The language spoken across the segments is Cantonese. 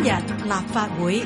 今日立法會，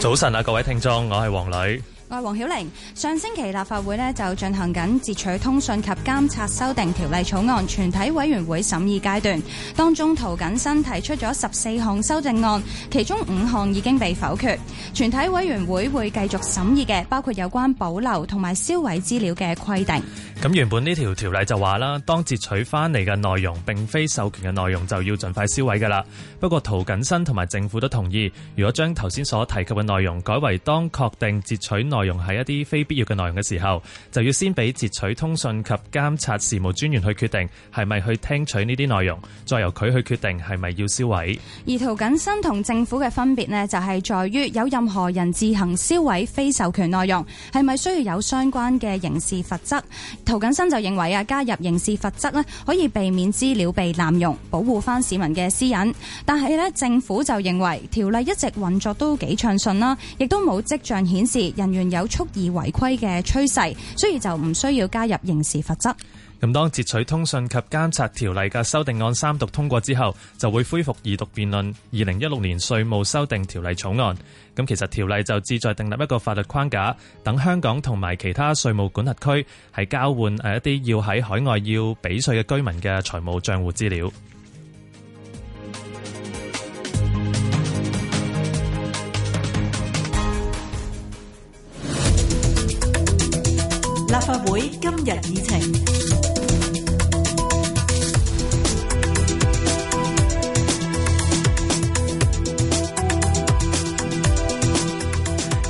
早晨啊，各位聽眾，我係黃磊。我係黃曉玲，上星期立法會呢就進行緊截取通訊及監察修訂條例草案全體委員會審議階段，當中涂謹申提出咗十四項修正案，其中五項已經被否決。全體委員會會繼續審議嘅，包括有關保留同埋銷毀資料嘅規定。咁原本呢條條例就話啦，當截取翻嚟嘅內容並非授權嘅內容，就要盡快銷毀㗎喇。不過涂謹申同埋政府都同意，如果將頭先所提及嘅內容改為當確定截取內容內容係一啲非必要嘅內容嘅時候，就要先俾截取通訊及監察事務專員去決定係咪去聽取呢啲內容，再由佢去決定係咪要銷毀。而涂謹申同政府嘅分別呢，就係在於有任何人自行銷毀非授權內容，係咪需要有相關嘅刑事罰則？涂謹申就認為啊，加入刑事罰則呢，可以避免資料被濫用，保護翻市民嘅私隱。但係呢，政府就認為條例一直運作都幾暢順啦，亦都冇跡象顯示人員。有蓄意違規嘅趨勢，所以就唔需要加入刑事罰則。咁當截取通訊及監察條例嘅修訂案三讀通過之後，就會恢復二讀辯論二零一六年稅務修訂條例草案。咁其實條例就旨在訂立一個法律框架，等香港同埋其他稅務管轄區係交換誒一啲要喺海外要俾稅嘅居民嘅財務賬戶資料。立法會今日議程。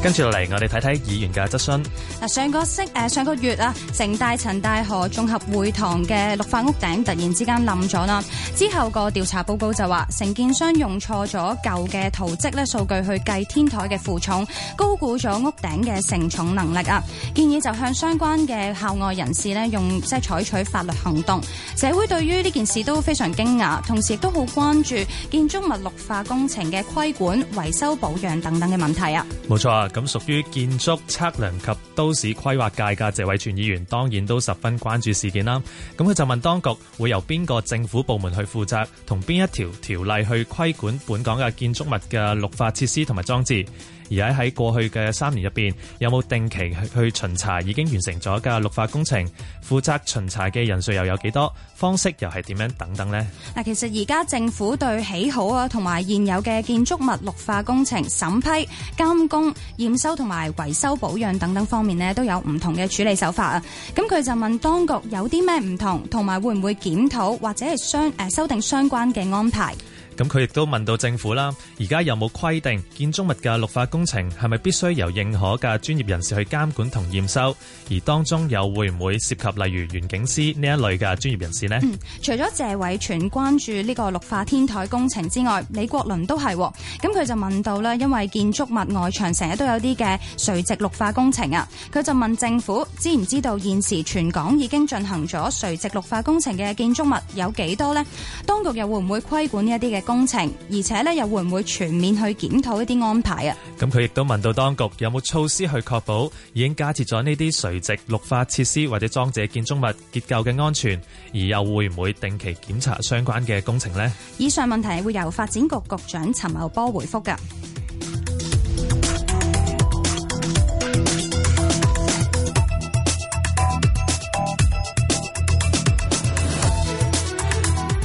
跟住落嚟，我哋睇睇議員嘅質詢。嗱，上個星誒，上個月啊，城大、陳大河綜合會堂嘅綠化屋頂突然之間冧咗啦。之後個調查報告就話，承建商用錯咗舊嘅圖則咧數據去計天台嘅負重，高估咗屋頂嘅承重能力啊。建議就向相關嘅校外人士咧，用即係採取法律行動。社會對於呢件事都非常驚訝，同時亦都好關注建築物綠化工程嘅規管、維修保養等等嘅問題啊。冇錯啊。咁屬於建築測量及都市規劃界嘅謝偉銓議員，當然都十分關注事件啦。咁佢就問當局會由邊個政府部門去負責，同邊一條條例去規管本港嘅建築物嘅綠化設施同埋裝置。而喺喺過去嘅三年入面，有冇定期去巡查已經完成咗嘅綠化工程？負責巡查嘅人數又有幾多？方式又係點樣？等等呢？嗱，其實而家政府對起好啊同埋現有嘅建築物綠化工程審批、監工、驗收同埋維修保養等等方面呢，都有唔同嘅處理手法啊。咁佢就問當局有啲咩唔同，同埋會唔會檢討或者係相誒修訂相關嘅安排？咁佢亦都問到政府啦，而家有冇規定建築物嘅綠化工程係咪必須由認可嘅專業人士去監管同驗收？而當中有會唔會涉及例如園景師呢一類嘅專業人士呢？嗯，除咗謝偉全關注呢個綠化天台工程之外，李國麟都係喎。咁佢就問到啦，因為建築物外牆成日都有啲嘅垂直綠化工程啊，佢就問政府知唔知道現時全港已經進行咗垂直綠化工程嘅建築物有幾多呢？當局又會唔會規管呢一啲嘅？工程，而且咧又會唔會全面去檢討一啲安排啊？咁佢亦都問到當局有冇措施去確保已經加設咗呢啲垂直綠化設施或者裝置建築物結構嘅安全，而又會唔會定期檢查相關嘅工程呢？以上問題會由發展局局長陳茂波回復噶。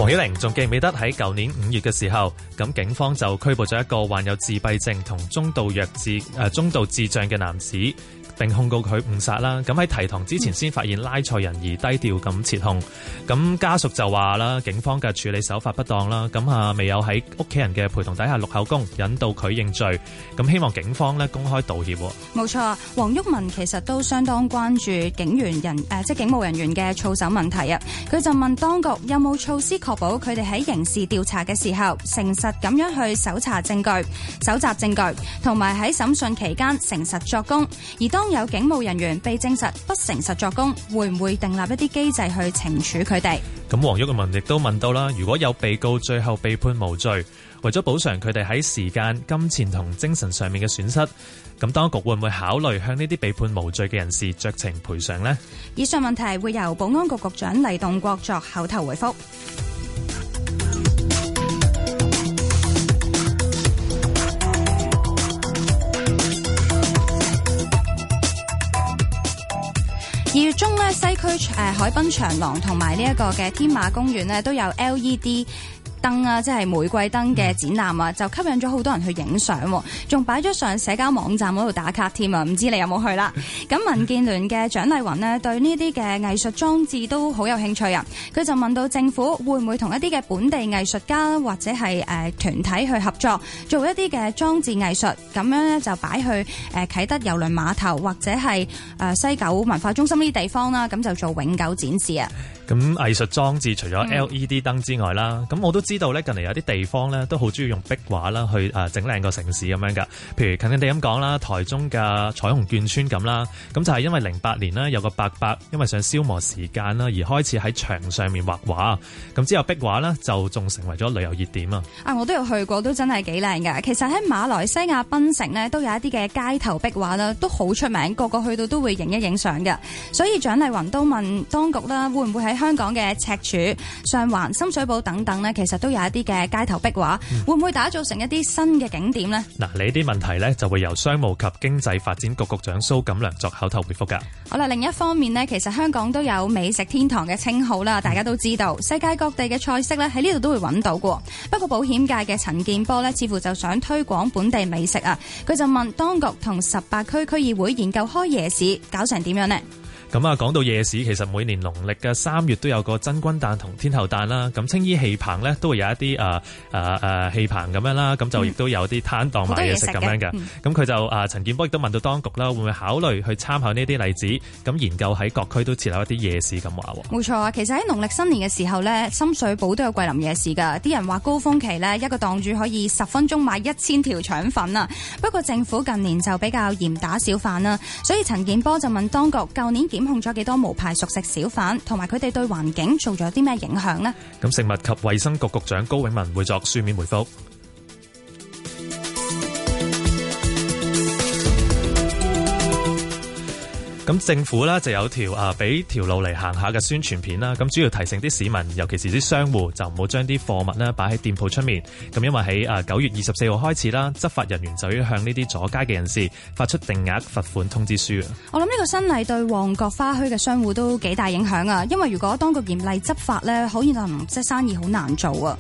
黃曉玲，仲記唔記得喺舊年五月嘅時候，咁警方就拘捕咗一個患有自閉症同中度弱智誒、呃、中度智障嘅男子。並控告佢誤殺啦。咁喺提堂之前先發現拉錯人而低調咁撤控。咁家屬就話啦，警方嘅處理手法不當啦。咁啊，未有喺屋企人嘅陪同底下錄口供，引導佢認罪。咁希望警方咧公開道歉。冇錯，黃毓民其實都相當關注警員人誒，即係警務人員嘅操守問題啊。佢就問當局有冇措施確保佢哋喺刑事調查嘅時候誠實咁樣去搜查證據、蒐集證據，同埋喺審訊期間誠實作供。而當有警務人員被證實不誠實作工，會唔會訂立一啲機制去懲處佢哋？咁黃毓民問亦都問到啦：「如果有被告最後被判無罪，為咗補償佢哋喺時間、金錢同精神上面嘅損失，咁當局會唔會考慮向呢啲被判無罪嘅人士酌情賠償呢？」以上問題會由保安局局長黎棟國作口頭回覆。誒海濱長廊同埋呢一個嘅天馬公園咧，都有 LED 燈啊，即係玫瑰燈嘅展覽啊、嗯，就吸引咗好多人去影相，仲擺咗上社交網站嗰度打卡添啊！唔知你有冇去啦？咁、嗯、民建聯嘅蔣麗芸呢，嗯、對呢啲嘅藝術裝置都好有興趣啊！佢就問到政府會唔會同一啲嘅本地藝術家或者係誒團體去合作，做一啲嘅裝置藝術，咁樣咧就擺去誒啟、呃、德郵輪碼頭或者係誒、呃、西九文化中心呢啲地方啦，咁就做永久展示啊！嗯咁藝術裝置除咗 LED 燈之外啦，咁、嗯、我都知道呢近嚟有啲地方呢都好中意用壁畫啦去誒整靚個城市咁樣噶，譬如近近地咁講啦，台中嘅彩虹眷村咁啦，咁就係、是、因為零八年啦有個伯伯因為想消磨時間啦而開始喺牆上面畫畫，咁之後壁畫呢就仲成為咗旅遊熱點啊！啊，我都有去過，都真係幾靚噶。其實喺馬來西亞檳城呢，都有一啲嘅街頭壁畫啦，都好出名，個個去到都會影一影相㗎。所以蔣麗雲都問當局啦，會唔會喺香港嘅赤柱、上環、深水埗等等呢，其實都有一啲嘅街頭壁畫，嗯，會唔會打造成一啲新嘅景點呢？嗱，呢啲問題呢，就會由商務及經濟發展局局長蘇錦良作口頭回覆㗎。好啦，另一方面呢，其實香港都有美食天堂嘅稱號啦，大家都知道，世界各地嘅菜式咧喺呢度都會揾到過。不過保險界嘅陳建波呢，似乎就想推廣本地美食啊。佢就問當局同十八區區議會研究開夜市，搞成點樣呢？咁啊，講到夜市，其實每年農曆嘅三月都有個真君誕同天后誕啦。咁青衣戲棚咧都會有一啲啊啊啊戲棚咁樣啦，咁就亦都有啲攤檔賣嘢食咁樣嘅。咁佢就啊陳健波亦都問到當局啦，會唔會考慮去參考呢啲例子，咁研究喺各區都設立一啲夜市咁話喎？冇錯啊，其實喺農曆新年嘅時候呢，深水埗都有桂林夜市㗎。啲人話高峰期呢，一個檔主可以十分鐘賣一千條腸粉啊。不過政府近年就比較嚴打小販啦，所以陳健波就問當局，舊年檢控咗幾多無牌熟食小販，同埋佢哋對環境做咗啲咩影響呢？咁食物及衛生局局長高永文會作書面回覆。咁政府啦就有條啊俾條路嚟行下嘅宣傳片啦，咁主要提醒啲市民，尤其是啲商戶，就唔好將啲貨物咧擺喺店鋪出面。咁因為喺啊九月二十四號開始啦，執法人員就要向呢啲阻街嘅人士發出定額罰款通知書啊。我諗呢個新例對旺角花墟嘅商戶都幾大影響啊，因為如果當局嚴厲執法咧，可能即係生意好難做啊。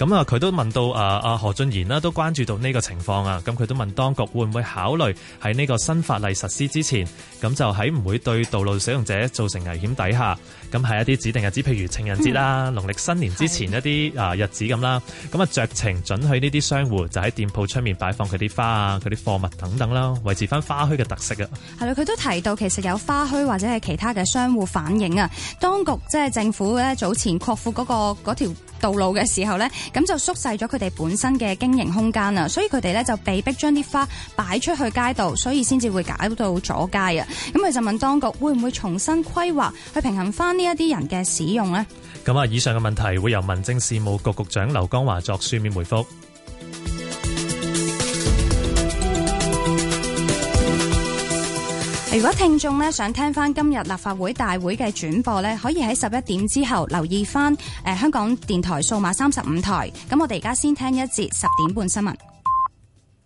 咁啊，佢都問到啊啊何俊賢啦，都關注到呢個情況啊。咁佢都問當局會唔會考慮喺呢個新法例實施之前，咁就喺唔會對道路使用者造成危險底下，咁喺一啲指定日子，譬如情人節啦、農曆新年之前一啲啊日子咁啦，咁啊酌情准許呢啲商戶就喺店鋪出面擺放佢啲花啊、佢啲貨物等等啦，維持翻花墟嘅特色啊。係啦，佢都提到其實有花墟或者係其他嘅商戶反映啊，當局即係政府咧早前擴闊嗰個嗰條。道路嘅時候呢，咁就縮細咗佢哋本身嘅經營空間啦，所以佢哋呢，就被逼將啲花擺出去街道，所以先至會搞到阻街啊！咁佢就問當局會唔會重新規劃去平衡翻呢一啲人嘅使用呢？咁啊，以上嘅問題會由民政事務局局，局長劉江華作書面回覆。如果聽眾想聽返今日立法會大會嘅轉播，可以喺十一點之後留意返香港電台數碼三十五台。噉我哋而家先聽一節十點半新聞。